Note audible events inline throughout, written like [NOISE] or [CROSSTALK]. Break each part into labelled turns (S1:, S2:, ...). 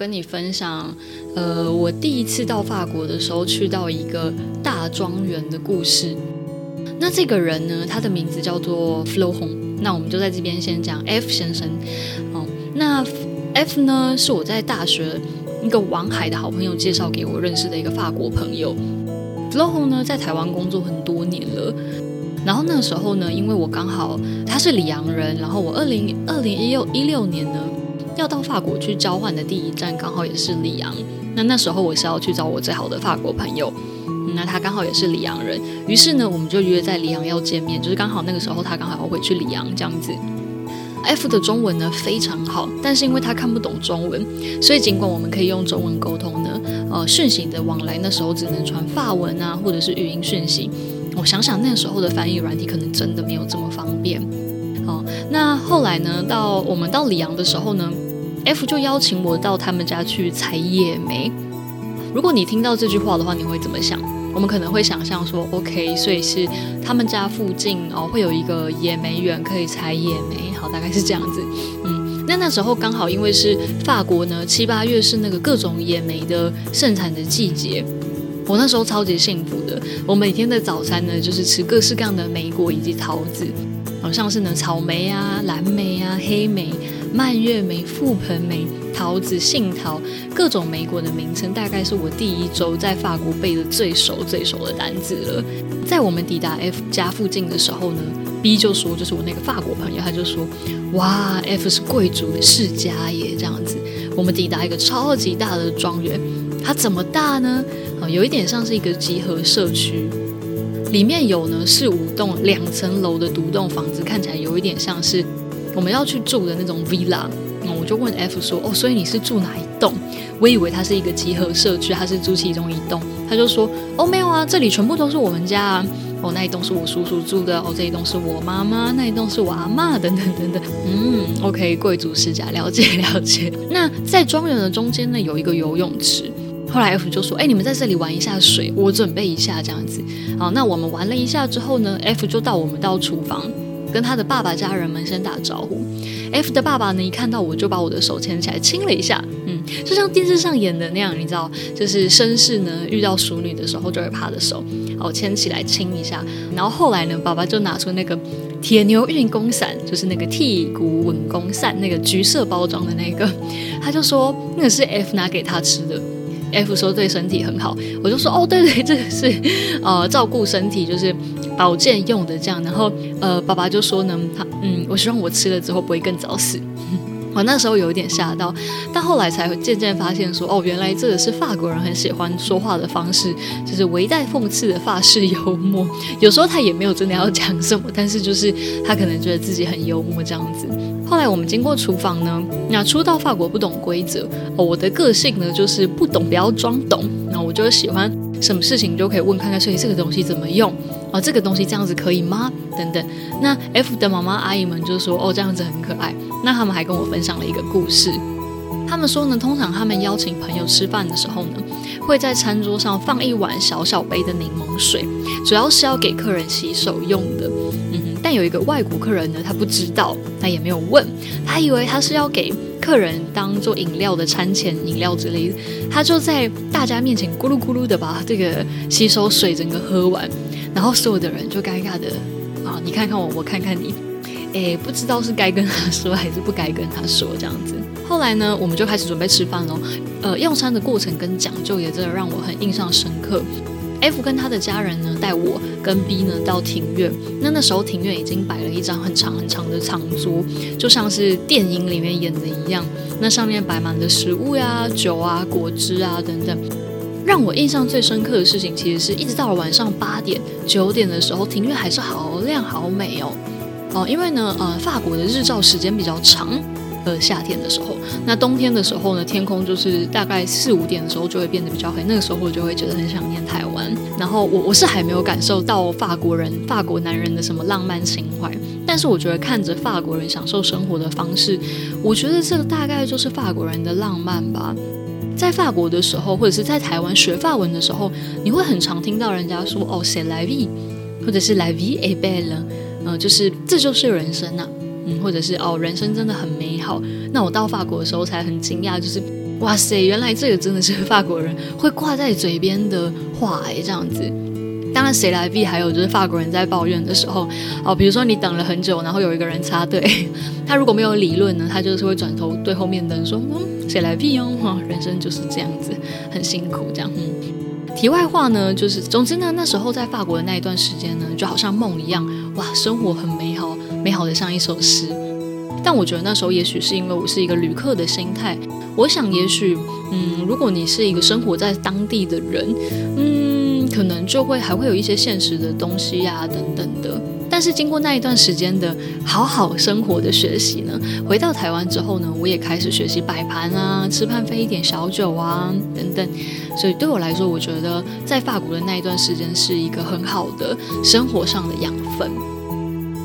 S1: 跟你分享，呃，我第一次到法國的時候，去到一個大莊園的故事。那這個人呢，他的名字叫做 Flohon。那我們就在這邊先講 F 先生，哦，那 F, F 呢是我在大學一個王海的好朋友介紹給我認識的一個法國朋友。Flohon 呢在台灣工作很多年了，然後那時候呢，因為我剛好他是里昂人，然後我二零二零一六一六年呢。要到法國去交換的第一站剛好也是里昂，那那時候我是要去找我最好的法國朋友，那他剛好也是里昂人，於是呢我們就約在里昂要見面，就是剛好那個時候他剛好要回去里昂這樣子。F 的中文呢非常好，但是因為他看不懂中文，所以儘管我們可以用中文溝通呢，呃訊息的往來那時候只能傳法文啊或者是語音訊息。我想想那時候的翻譯軟體可能真的沒有這麼方便。哦，那後來呢？到我們到里昂的時候呢，F 就邀請我到他們家去採野莓。如果你聽到這句話的話，你會怎麼想？我們可能會想象說，OK，所以是他們家附近哦，會有一個野莓園可以採野莓。好，大概是這樣子。嗯，那那時候剛好因為是法國呢，七八月是那個各種野莓的盛產的季節。我那時候超級幸福的，我每天的早餐呢就是吃各式各樣的莓果以及桃子。好像是呢，草莓啊、藍莓啊、黑莓、蔓越莓、覆盆莓、桃子、杏桃，各種莓果的名稱，大概是我第一周在法國背的最熟最熟的單字了。在我們抵達 F 家附近的時候呢，B 就說，就是我那個法國朋友，他就說，哇，F 是貴族世家耶，這樣子。我們抵達一個超級大的莊園，它怎麼大呢？有一點像是一個集合社區。裡面有呢，是五棟兩層樓的獨棟房子，看起來有一點像是我們要去住的那種 villa。嗯，我就問 F 說：“哦，所以你是住哪一棟？”我以為它是一個集合社區，他是住其中一棟。他就說：“哦，沒有啊，這裡全部都是我們家啊。哦，那一棟是我叔叔住的，哦，這一棟是我媽媽，那一棟是我阿嬤，等等等等。嗯，OK，貴族世家了解了解。那在莊園的中間呢，有一個游泳池。”後來 F 就說：“哎、欸，你們在這裡玩一下水，我準備一下這樣子。好，那我們玩了一下之後呢，F 就到我們到廚房，跟他的爸爸家人們先打招呼。F 的爸爸呢，一看到我就把我的手牽起來，親了一下，嗯，就像電視上演的那樣，你知道，就是紳士呢遇到淑女的時候就會趴着手，好牽起來親一下。然後後來呢，爸爸就拿出那個鐵牛運功傘，就是那個剃骨穩功傘，那個橘色包裝的那個，他就說那個是 F 拿給他吃的。” F 說對身體很好，我就說哦對對，這個是呃照顧身體，就是保健用的這樣。然後呃爸爸就說呢，他嗯我希望我吃了之後不會更早死。 [LAUGHS] 哦、那時候有一點嚇到，但後來才漸漸發現說，哦，原來這個是法國人很喜歡說話的方式，就是微帶諷刺的法式幽默。有時候他也沒有真的要講什麼，但是就是他可能覺得自己很幽默這樣子。後來我們經過廚房呢，那初到法國不懂規則，哦，我的個性呢就是不懂不要裝懂，那我就是喜歡什麼事情就可以問看看是，所以這個東西怎麼用啊，哦？這個東西這樣子可以嗎？等等。那 F 的媽媽阿姨們就說，哦，這樣子很可愛。那他們還跟我分享了一個故事，他們說呢，通常他們邀請朋友吃飯的時候呢，會在餐桌上放一碗小小杯的檸檬水，主要是要給客人洗手用的。嗯，但有一個外國客人呢，他不知道，他也沒有問，他以為他是要給客人當做飲料的餐前飲料之類的，他就在大家面前咕嚕咕嚕的把這個洗手水整個喝完，然後所有的人就尷尬的啊，你看看我，我看看你。誒、欸，不知道是該跟他說還是不該跟他說這樣子。後來呢，我們就開始準備吃飯了。呃，用餐的過程跟講究也真的讓我很印象深刻。F 跟他的家人呢，帶我跟 B 呢到庭院。那那時候庭院已經擺了一張很長很長的長桌，就像是電影裡面演的一樣。那上面擺滿了食物呀、啊、酒啊、果汁啊等等。讓我印象最深刻的事情，其實是一直到了晚上八點、九點的時候，庭院還是好亮、好美哦。哦，因為呢，呃，法國的日照時間比較長，呃，夏天的時候，那冬天的時候呢，天空就是大概四五點的時候就會變得比較黑，那個時候我就會覺得很想念台灣。然後我我是還沒有感受到法國人、法國男人的什麼浪漫情懷，但是我覺得看着法國人享受生活的方式，我覺得這個大概就是法國人的浪漫吧。在法國的時候，或者是在台灣學法文的時候，你會很常聽到人家說哦，c'est la vie，或者是 la vie est belle 嗯、呃，就是這就是人生吶、啊，嗯，或者是哦，人生真的很美好。那我到法國的時候才很驚訝，就是哇塞，原來這個真的是法國人會掛在嘴邊的話，哎，這樣子。當然，C'est la vie。還有就是法國人在抱怨的時候，哦，比如說你等了很久，然後有一個人插隊，他如果沒有理論呢，他就是會轉頭對後面的人說：“嗯，C'est la vie 喲、哦？”人生就是這樣子，很辛苦。這樣。嗯。題外話呢，就是總之呢，那時候在法國的那一段時間呢，就好像夢一樣。哇，生活很美好，美好的像一首詩。但我覺得那時候也許是因為我是一個旅客的心態。我想，也許，嗯，如果你是一個生活在當地的人，嗯，可能就會還會有一些現實的東西呀、啊，等等的。但是經過那一段時間的好好生活的學習呢，回到台灣之後呢，我也開始學習擺盤啊、吃飯、喝一點小酒啊等等。所以對我來說，我覺得在法國的那一段時間是一個很好的生活上的養分。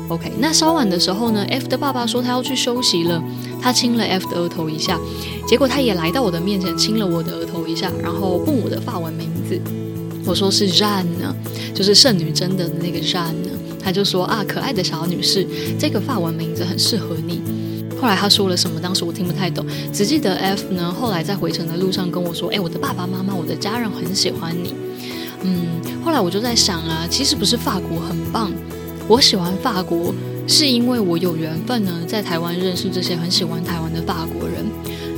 S1: OK，那稍晚的時候呢，F 的爸爸說他要去休息了，他親了 F 的額頭一下，結果他也來到我的面前親了我的額頭一下，然後問我的法文名字，我說是 Jeanne 呢，就是聖女貞德的那個 Jeanne 呢。他就說啊，可愛的小女士，這個法文名字很適合你。後來他說了什麼？當時我聽不太懂，只記得 F 呢。後來在回程的路上跟我說，哎，我的爸爸媽媽，我的家人很喜歡你。嗯，後來我就在想啊，其實不是法國很棒，我喜歡法國是因為我有緣分呢，在台灣認識這些很喜歡台灣的法國人，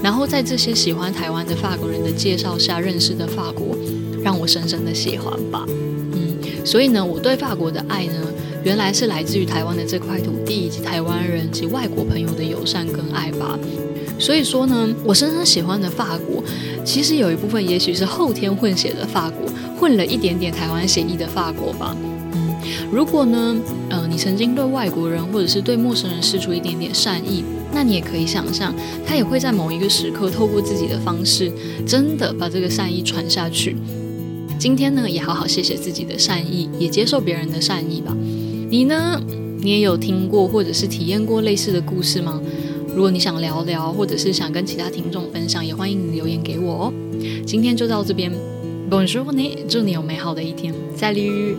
S1: 然後在這些喜歡台灣的法國人的介紹下認識的法國，讓我深深的喜歡吧。嗯，所以呢，我對法國的愛呢，原來是來自於台灣的這塊土地以及台灣人及外國朋友的友善跟愛吧，所以說呢，我深深喜歡的法國，其實有一部分也許是後天混血的法國，混了一點點台灣血液的法國吧。嗯、如果呢，嗯、呃，你曾經對外國人或者是對陌生人釋出一點點善意，那你也可以想象，他也會在某一個時刻，透過自己的方式，真的把這個善意傳下去。今天呢，也好好謝謝自己的善意，也接受別人的善意吧。你呢？你也有聽過或者是體驗過類似的故事嗎？如果你想聊聊，或者是想跟其他聽眾分享，也歡迎你留言給我哦。今天就到這邊，Bonjour 你，Bonjour. 祝你有美好的一天，再會。